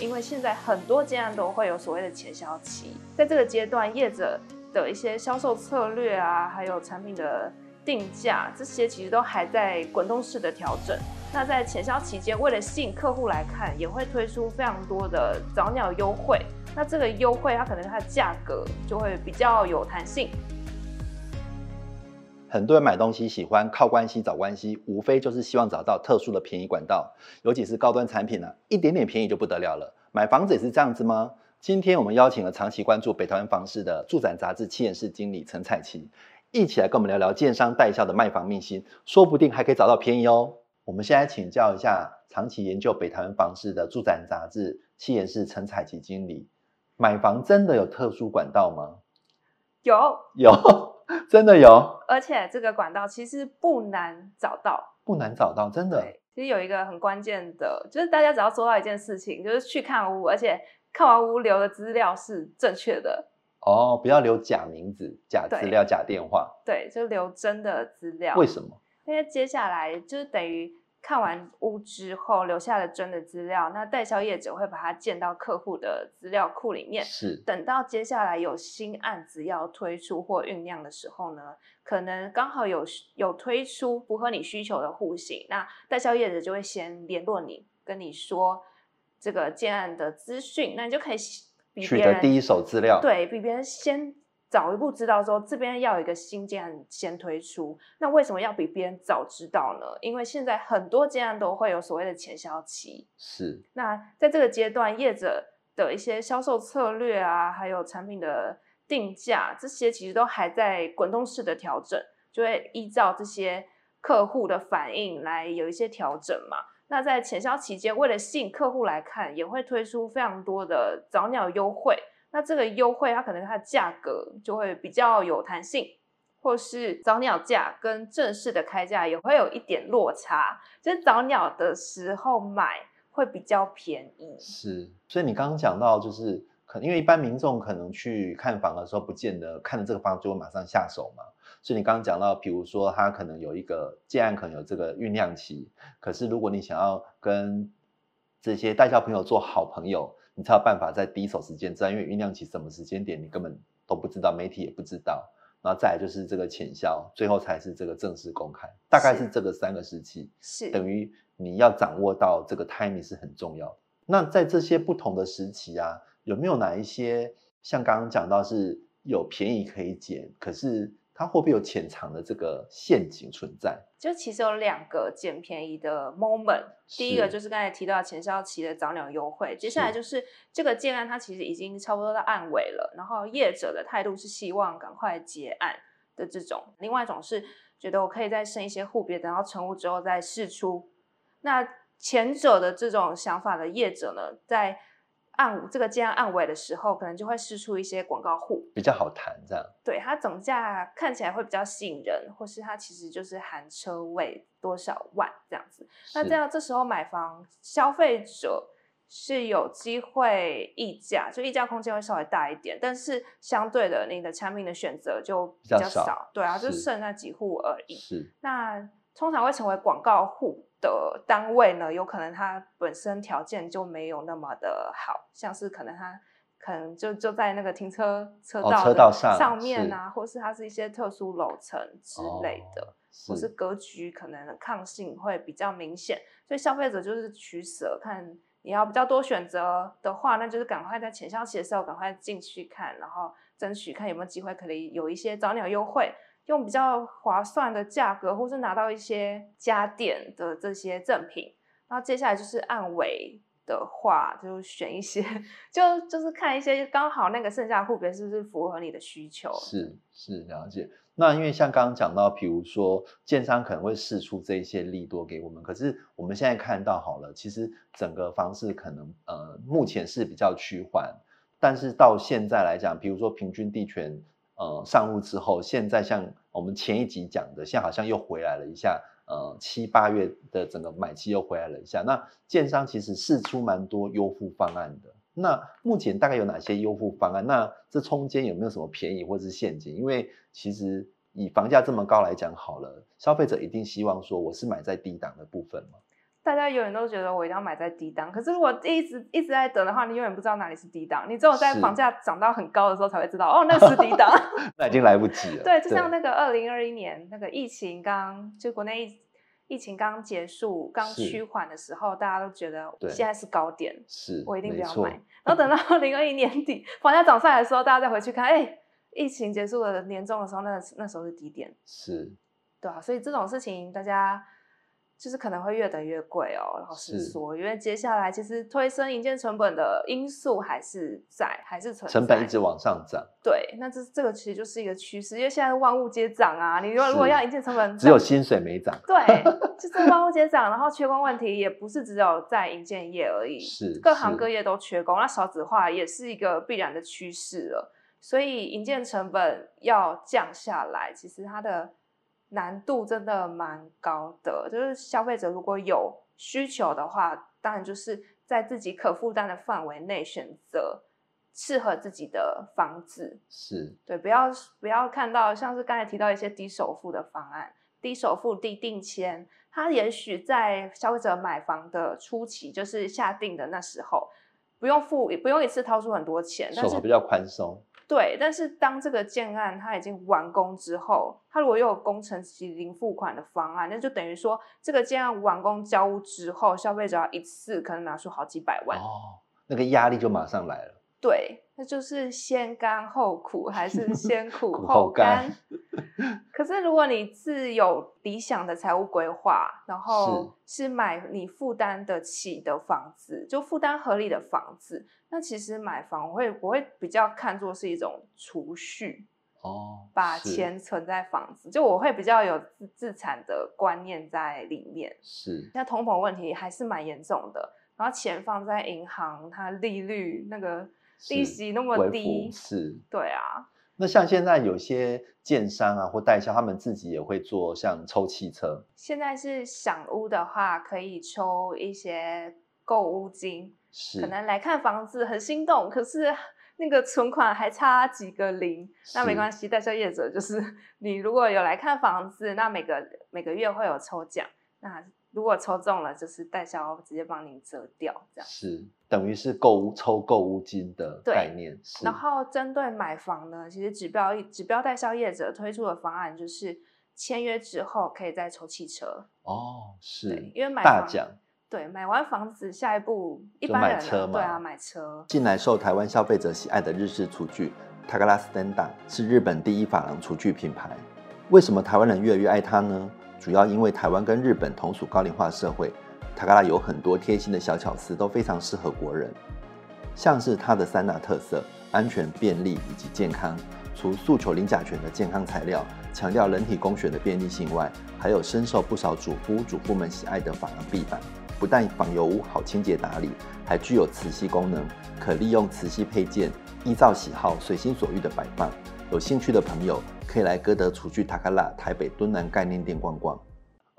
因為現在很多建案都會有所謂的潛銷期，在這個階段，業者的一些銷售策略啊，還有產品的定價，這些其實都還在滾動式的調整。那在潛銷期間，為了吸引客戶來看，也會推出非常多的早鳥優惠。那這個優惠，它可能它的價格就會比較有彈性。很多人買東西喜歡靠關係找關係，無非就是希望找到特殊的便宜管道，尤其是高端產品啊。一點點便宜就不得了了。買房子也是這樣子嗎？今天我們邀請了長期關注北台灣房市的《住展雜誌》企研室經理成采錡，一起來跟我們聊聊建商代銷的賣房秘辛，說不定還可以找到便宜哦。我們現在請教一下長期研究北台灣房市的《住展雜誌》企研室成采錡經理，買房真的有特殊管道嗎？有有。真的有，而且這個管道其實不難找到，不難找到，真的。其實有一個很關鍵的，就是大家只要做到一件事情，就是去看屋，而且看完屋留的資料是正確的哦，不要留假名字、假資料、假電話，對，就留真的資料。為什麼？因為接下來就等於。看完屋之後，留下了真的資料，那代銷業者會把它建到客戶的資料庫裡面。是，等到接下來有新案子要推出或醞釀的時候呢，可能剛好有有推出符合你需求的戶型，那代銷業者就會先聯絡你，跟你說這個建案的資訊，那你就可以比別人取得第一手資料，對，比別人先。早一步知道說這邊要有一個新建案先推出，那為什麼要比別人早知道呢？因為現在很多建案都會有所謂的潛銷期，是。那在這個階段，業者的一些銷售策略啊，還有產品的定價，這些其實都還在滾動式的調整，就會依照這些客戶的反應來有一些調整嘛。那在潛銷期間，為了吸引客戶來看，也會推出非常多的早鳥優惠。那這個優惠，它可能它的價格就會比較有彈性，或是早鳥價跟正式的開價也會有一點落差，就是早鳥的時候買會比較便宜。是，所以你剛剛講到，就是可能因為一般民眾可能去看房的時候，不見得看了這個房子就會馬上下手嘛。所以你剛剛講到，比如說它可能有一個建案，可能有這個醞釀期，可是如果你想要跟這些代銷朋友做好朋友。你才有辦法在第一手時間知道，因為醞釀期，什麼時間點你根本都不知道，媒體也不知道。然後再來就是這個潛銷，最後才是這個正式公開，大概是這個三個時期。是，等於你要掌握到這個 timing 是很重要。那在這些不同的時期啊，有沒有哪一些像剛剛講到是有便宜可以撿？可是。它會不會有潛藏的這個陷阱存在？就其實有兩個撿便宜的 moment，第一個就是剛才提到潛銷期的早鳥優惠，接下來就是這個建案，它其實已經差不多到案尾了。然後業者的態度是希望趕快結案的這種，另外一種是覺得我可以再生一些戶別，等到成屋之後再釋出。那前者的這種想法的業者呢，在。按這個建案尾的時候，可能就會釋出一些廣告戶，比較好談這樣，對，它總價看起來會比較吸引人，或是它其實就是含車位多少萬這樣子。那這樣這時候買房消費者是有機會議價，就議價空間會稍微大一點，但是相對的你的產品的選擇就比較少，較少對啊，就剩那幾戶而已。是，那通常會成為廣告戶的單位呢，有可能它本身條件就沒有那麼的好，像是可能它可能就就在那個停車車道上面啊，哦、是或是它是一些特殊樓層之類的、哦，或是格局可能抗性會比較明顯，所以消費者就是取舍，看你要比較多選擇的話，那就是趕快在潛銷期的時候趕快進去看，然後爭取看有沒有機會，可以有一些早鳥優惠。用比較划算的價格，或是拿到一些家電的這些贈品，然後接下來就是按尾的話，就選一些，就就是看一些剛好那個剩下的戶別是不是符合你的需求。是是，了解。那因為像剛剛講到，比如說建商可能會釋出這些利多給我們，可是我們現在看到好了，其實整個房市可能呃目前是比較趨緩，但是到現在來講，比如說平均地權。呃，上路之後，現在像我們前一集講的，現在好像又回來了一下。呃，七八月的整個買期又回來了一下。那建商其實是出蠻多優惠方案的。那目前大概有哪些優惠方案？那這中間有沒有什麼便宜或是陷阱？因為其實以房價這麼高來講好了，消費者一定希望說我是買在低檔的部分嘛。大家永遠都覺得我一定要買在低檔，可是如果一直一直在等的話，你永遠不知道哪裡是低檔。你只有在房價漲到很高的時候才會知道，哦，那是低檔。 那已經來不及了。對，就像那個二零二一年那個疫情剛就國內疫疫情剛結束、剛趨緩的時候，大家都覺得現在是高點，是我一定不要買。然後等到二零二一年底 房價漲上來的時候，大家再回去看，哎、欸，疫情結束了年終的時候，那那時候是低點。是，對啊，所以這種事情大家。就是可能會越等越貴哦，然後是說，因為接下來其實推升銀建營建成本的因素還是在，還是成本一直往上漲。對，那這這個其實就是一個趨勢，因為現在萬物皆漲啊。你如果如果要營建成本，只有薪水沒漲。對， 就是萬物皆漲，然後缺工問題也不是只有在營建業而已，是 各行各業都缺工，那少子化也是一個必然的趨勢了。所以營建成本要降下來，其實它的。難度真的蠻高的，就是消費者如果有需求的話，當然就是在自己可負擔的範圍內選擇適合自己的房子。是對，不要不要看到像是剛才提到一些低首付的方案，低首付、低定金，它也許在消費者買房的初期，就是下定的那時候，不用付，也不用一次掏出很多錢，首付比較寬鬆。對，但是當這個建案它已經完工之後，它如果又有工程期零付款的方案，那就等於說這個建案完工交屋之後，消費者要一次可能拿出好幾百萬哦，那個壓力就馬上來了。對，那就是先甘後苦，還是先苦後甘？ 後甘 可是如果你自有理想的財務規劃，然後是買你負擔得起的房子，就負擔合理的房子，那其實買房我會我會比較看作是一種儲蓄哦，把錢存在房子，就我會比較有自資產的觀念在裡面。是，那通膨問題還是蠻嚴重的，然後錢放在銀行，它利率那個。利息那麼低，是，對啊。那像現在有些建商啊或代銷，他們自己也會做像抽汽車。現在是賞屋的話，可以抽一些購物金，是。可能來看房子很心動，可是那個存款還差幾個零，那沒關係。代銷業者就是，你如果有來看房子，那每個每個月會有抽獎，那如果抽中了，就是代銷直接幫你折掉，這樣是。等於是購物抽購物金的概念。對。然後針對買房呢，其實指標指標代銷業者推出的方案就是簽約之後可以再抽汽車。哦，是。因為買房大獎。對，買完房子，下一步一般人買車，對啊，買車。近來受台灣消費者喜愛的日式廚具，Takara Standard，是日本第一琺瑯廚具品牌。為什麼台灣人越來越愛它呢？主要因為台灣跟日本同屬高齡化社會。塔卡拉有很多貼心的小巧思，都非常適合國人。像是它的三大特色：安全、便利以及健康。除訴求零甲醛的健康材料，強調人體工學的便利性外，還有深受不少主夫主婦們喜愛的珐琅壁板，不但防油污好清潔打理，還具有磁吸功能，可利用磁吸配件，依照喜好隨心所欲的擺放。有興趣的朋友可以來歌德廚具塔卡拉台北敦南概念店逛逛。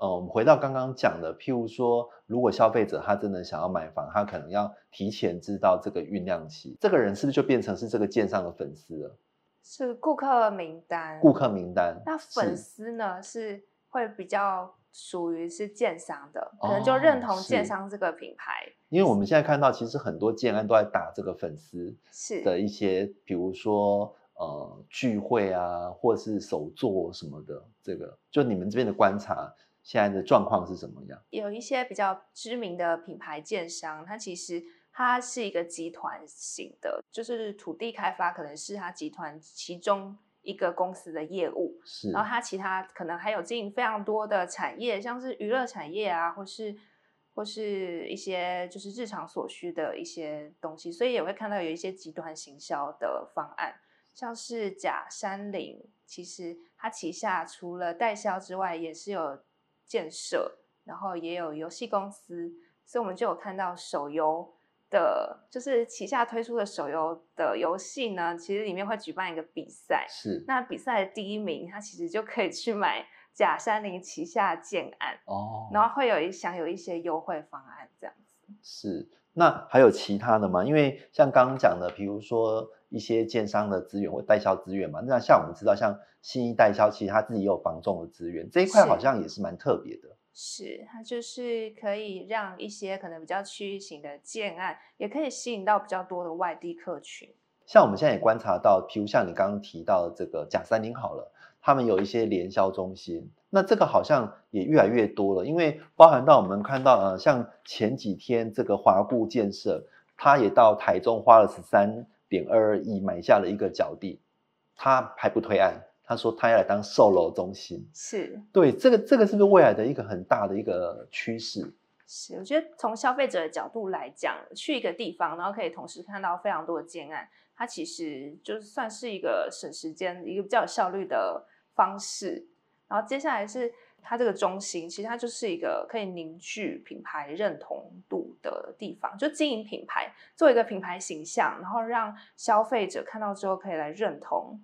呃、嗯，我們回到剛剛講的，譬如說，如果消費者他真的想要買房，他可能要提前知道這個醞釀期，這個人是不是就變成是這個建商的粉絲了？是顧客名單，顧客名單。那粉絲呢，是，是會比較屬於是建商的，可能就認同建商這個品牌，哦。因為我們現在看到，其實很多建案都在打這個粉絲是的一些，譬如說呃聚會啊，或是手作什麼的，這個就你們這邊的觀察。現在的狀況是怎麼樣？有一些比較知名的品牌建商，它其實它是一個集團型的，就是土地開發可能是它集團其中一個公司的業務，是。然後它其他可能還有經營非常多的產業，像是娛樂產業啊，或是或是一些就是日常所需的一些東西，所以也會看到有一些集團行銷的方案，像是甲山林，其實它旗下除了代銷之外，也是有。建設，然後也有遊戲公司，所以我們就有看到手遊的，就是旗下推出的手遊的遊戲呢，其實裡面會舉辦一個比賽，是，那比賽的第一名，他其實就可以去買甲山林旗下建案哦，然後會有一享有一些優惠方案這樣子。是。那還有其他的嗎？因為像剛剛講的，比如說。一些建商的資源或代銷資源嘛，那像我們知道，像新一代銷，其實它自己也有房仲的資源，這一塊好像也是蠻特別的是。是，它就是可以讓一些可能比較區域型的建案，也可以吸引到比較多的外地客群。像我們現在也觀察到，比如像你剛剛提到的這個甲山林好了，他們有一些聯銷中心，那這個好像也越來越多了，因為包含到我們看到，呃，像前幾天這個華固建設，他也到台中花了十三點二二億買下了一個角地，他還不推案，他說他要來當售樓中心。是。對，這個這個是不是未來的一個很大的一個趨勢？是，我覺得從消費者的角度來講，去一個地方，然後可以同時看到非常多的建案，它其實就是算是一個省時間、一個比較有效率的方式。然後接下來是。它這個中心，其實它就是一個可以凝聚品牌認同度的地方，就經營品牌，做一個品牌形象，然後讓消費者看到之後可以來認同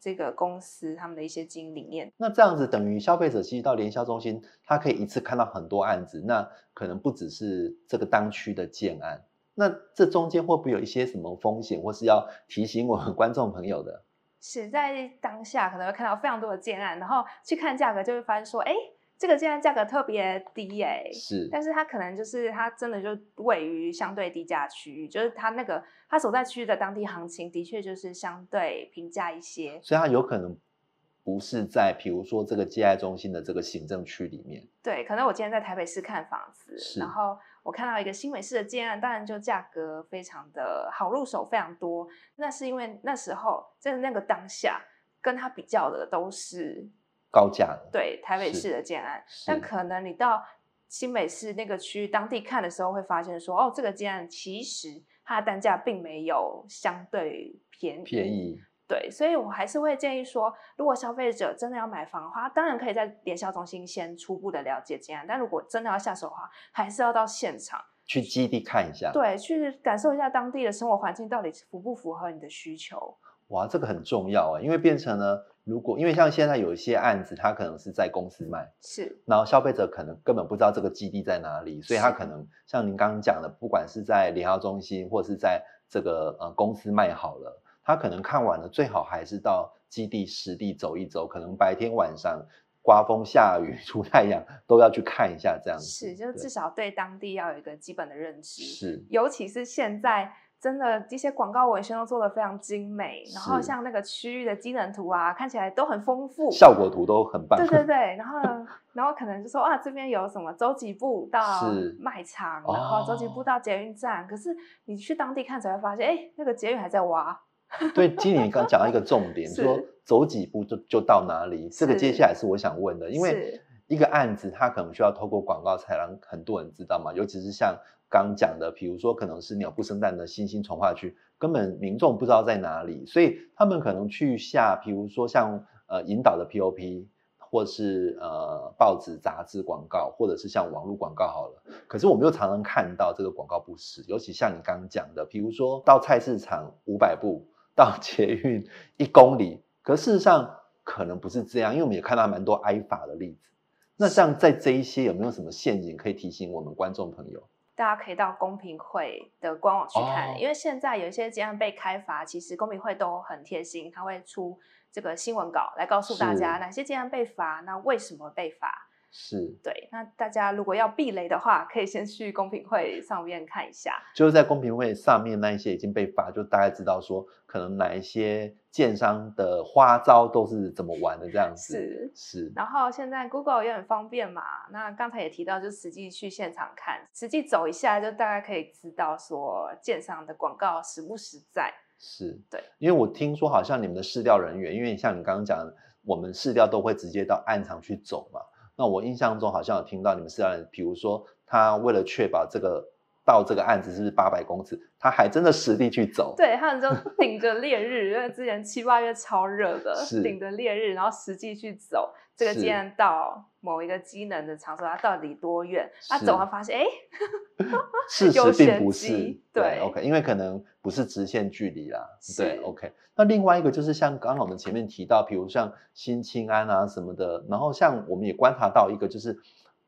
這個公司他們的一些經營理念。那這樣子等於消費者其實到聯銷中心，他可以一次看到很多案子，那可能不只是這個當區的建案，那這中間會不會有一些什麼風險，或是要提醒我們觀眾朋友的？處在當下可能會看到非常多的建案，然後去看價格就會發現說，哎、欸，這個建案價格特別低，欸，哎，是，但是它可能就是它真的就位於相對低價區域，就是它那個它所在區域的當地行情的確就是相對平價一些，所以它有可能不是在比如說這個介愛中心的這個行政區裡面，對，可能我今天在台北市看房子，然後，我看到一個新北市的建案，當然就價格非常的好入手，非常多，那是因為那時候在那個當下，跟他比較的都是高價，對，台北市的建案。但可能你到新北市那個區當地看的時候，會發現說，哦，這個建案其實它的單價並沒有相對便宜。便宜。對，所以我還是會建議說，如果消費者真的要買房的話，當然可以在聯銷中心先初步的了解這案，但如果真的要下手的話，還是要到現場去基地看一下，對，去感受一下當地的生活環境到底符不符合你的需求。哇，這個很重要啊，因為變成了如果因為像現在有一些案子，它可能是在公司賣，是，然後消費者可能根本不知道這個基地在哪裡，所以他可能像您剛剛講的，不管是在聯銷中心或是在這個呃公司賣好了。他可能看完了，最好還是到基地實地走一走。可能白天晚上颳風下雨出太陽都要去看一下。這樣子是，就是至少對當地要有一個基本的認知。是，尤其是現在真的，一些廣告文宣都做的非常精美，然後像那個區域的機能圖啊，看起來都很豐富，效果圖都很棒。對對對，然後然後可能就說 啊，這邊有什麼走幾步到賣場，然後走幾步到捷運站。哦，可是你去當地看才會發現，哎、欸，那個捷運還在挖。 對，經理，你剛講到一個重點，說走幾步就就到哪裡，這個接下來是我想問的，因為一個案子，它可能需要透過廣告才讓很多人知道嘛，尤其是像剛講的，比如說可能是鳥不生蛋的新興重劃區，根本民眾不知道在哪裡，所以他們可能去下，比如說像呃引導的 POP，或是呃報紙、雜志廣告，或者是像網絡廣告好了。可是我們又常常看到這個廣告不實，尤其像你剛講的，比如說到菜市場五百步。到捷運一公里，可事實上可能不是這樣，因為我們也看到蠻多挨罰的例子。那像在這一些有沒有什麼陷阱可以提醒我們觀眾朋友？大家可以到公平會的官網去看，哦、因為現在有一些建案被開罰，其實公平會都很貼心，他會出這個新聞稿來告訴大家哪些建案被罰，那為什麼被罰？是，對，那大家如果要避雷的話，可以先去公平會上面看一下，就是在公平會上面那一些已經被罰，就大概知道說可能哪一些建商的花招都是怎麼玩的這樣子。是是。然後現在 Google 也很方便嘛，那剛才也提到，就實際去現場看，實際走一下，就大概可以知道說建商的廣告實不實在。是，對，因為我聽說好像你們的市調人員，因為像你剛剛講，我們市調都會直接到暗場去走嘛。那我印象中好像有聽到你們是，個比如說他為了確保這個。到這個案子是不是八百公尺？他還真的實地去走。對，他很就頂着烈日。 因為之前七八月超熱的，頂着烈日，然後實際去走這個，竟然到某一個機能的場所，它到底多遠？他走，他、啊、發現哎，有 不是 有對、對、對，OK，因為可能不是直線距離啦。對 o、okay、k 那另外一個就是像剛剛我們前面提到，比如像新青安啊什麼的，然後像我們也觀察到一個就是。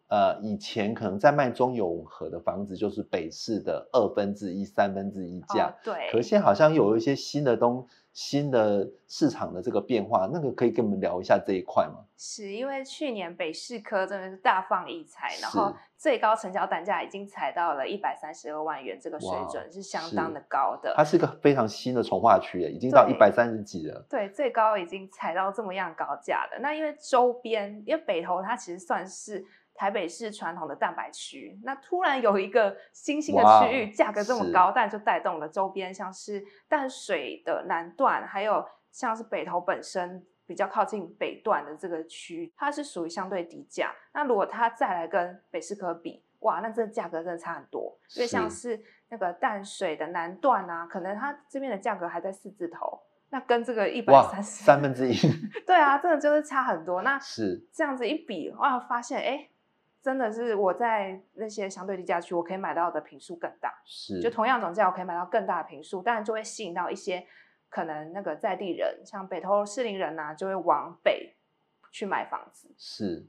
呃，以前可能在賣中永和的房子，就是北市的二分之一、三分之一價。對。可是現在好像有一些新的東新的市場的這個變化，那個可以跟我們聊一下這一塊嗎？是因為去年北市科真的是大放異彩，然後最高成交單價已經踩到了一百三十二萬元這個水準，是相當的高的。是它是一個非常新的重劃區，已經到一百三十幾了對。對，最高已經踩到這麼樣高價了。那因為周邊，因為北投它其實算是。台北市傳統的蛋白區，那突然有一個新興的區域，價格這麼高，但就帶動了周邊，像是淡水的南段，還有像是北投本身比較靠近北段的這個區，它是屬於相對低價。那如果它再來跟北士科比，哇，那這價格真的差很多。因為像是那個淡水的南段啊，可能它這邊的價格還在四字頭，那跟這個一百三十，三分之一， 對啊，真的就是差很多。那是這樣子一比，哇，發現哎。誒真的是我在那些相對低價區，我可以買到的坪數更大，是，就同樣總價，我可以買到更大的坪數，但就就會吸引到一些可能那個在地人，像北投、士林人吶、啊，就會往北去買房子。是，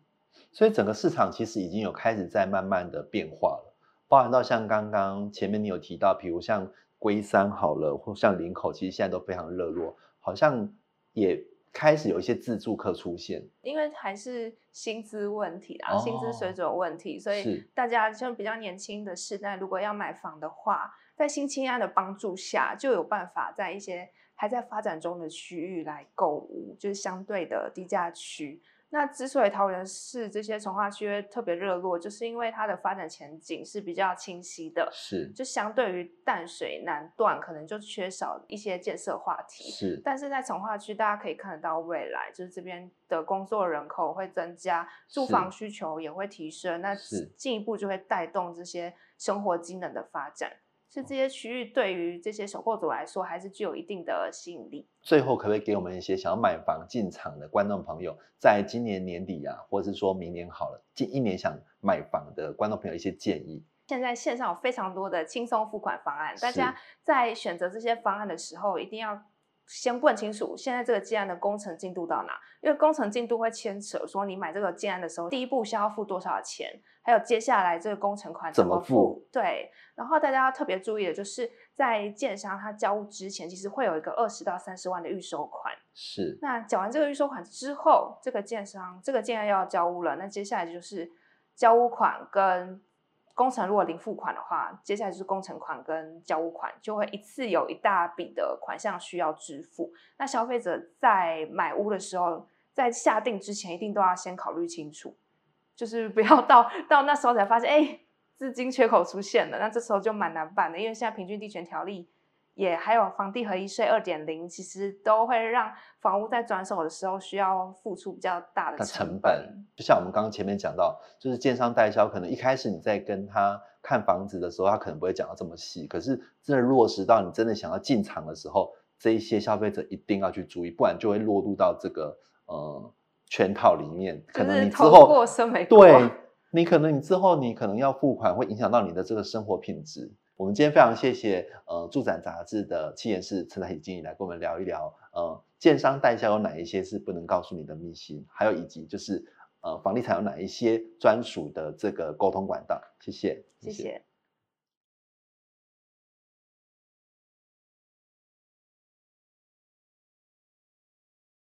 所以整個市場其實已經有開始在慢慢的變化了，包含到像剛剛前面你有提到，比如像龜山好了，或像林口，其實現在都非常熱絡，好像也。開始有一些自住客出現、嗯，因為還是薪資問題啊、哦，薪資水準問題，所以大家像比較年輕的世代，如果要買房的話，在新青安的幫助下，就有辦法在一些還在發展中的區域來購屋，就是相對的低價區。那之所以桃園市這些重劃區會特別熱絡，就是因為它的發展前景是比較清晰的。是，就相對於淡水南段，可能就缺少一些建設話題。是，但是在重劃區，大家可以看得到未來，就是這邊的工作人口會增加，住房需求也會提升，那進一步就會帶動這些生活機能的發展。是這些區域對於這些首購族來說還是具有一定的吸引力。最後，可不可以給我們一些想要買房進場的觀眾朋友，在今年年底呀、啊，或者是說明年好了，近一年想買房的觀眾朋友一些建議？現在線上有非常多的輕鬆付款方案，大家在選擇這些方案的時候一定要。先問清楚現在這個建案的工程進度到哪，因為工程進度會牽扯說你買這個建案的時候，第一步需要付多少錢，還有接下來這個工程款怎麼付。對，然後大家要特別注意的就是，在建商他交屋之前，其實會有一個二十到三十萬的預收款。是。那繳完這個預收款之後，這個建商這個建案又要交屋了，那接下來就是交屋款跟。工程如果零付款的話，接下來就是工程款跟交屋款，就會一次有一大筆的款項需要支付。那消費者在買屋的時候，在下定之前，一定都要先考慮清楚，就是不要到到那時候才發現，哎、欸，資金缺口出現了，那這時候就蠻難辦的，因為現在平均地權條例，也還有房地合一稅二點零，其實都會讓房屋在轉手的時候需要付出比較大的成本。成本，就像我們剛剛前面講到，就是建商代銷，可能一開始你在跟他看房子的時候，他可能不會講到這麼細。可是真的落實到你真的想要進場的時候，這一些消費者一定要去注意，不然就會落入到這個呃圈套裡面。可能你之後、就是、過沒過對，你可能你之後你可能要付款，會影響到你的這個生活品質。我們今天非常謝謝呃《住展雜誌》的企研室成采錡經理來跟我們聊一聊，呃，建商代銷有哪一些是不能告訴你的祕辛，還有以及就是呃，房地產有哪一些專屬的這個溝通管道？謝謝，謝謝。謝謝。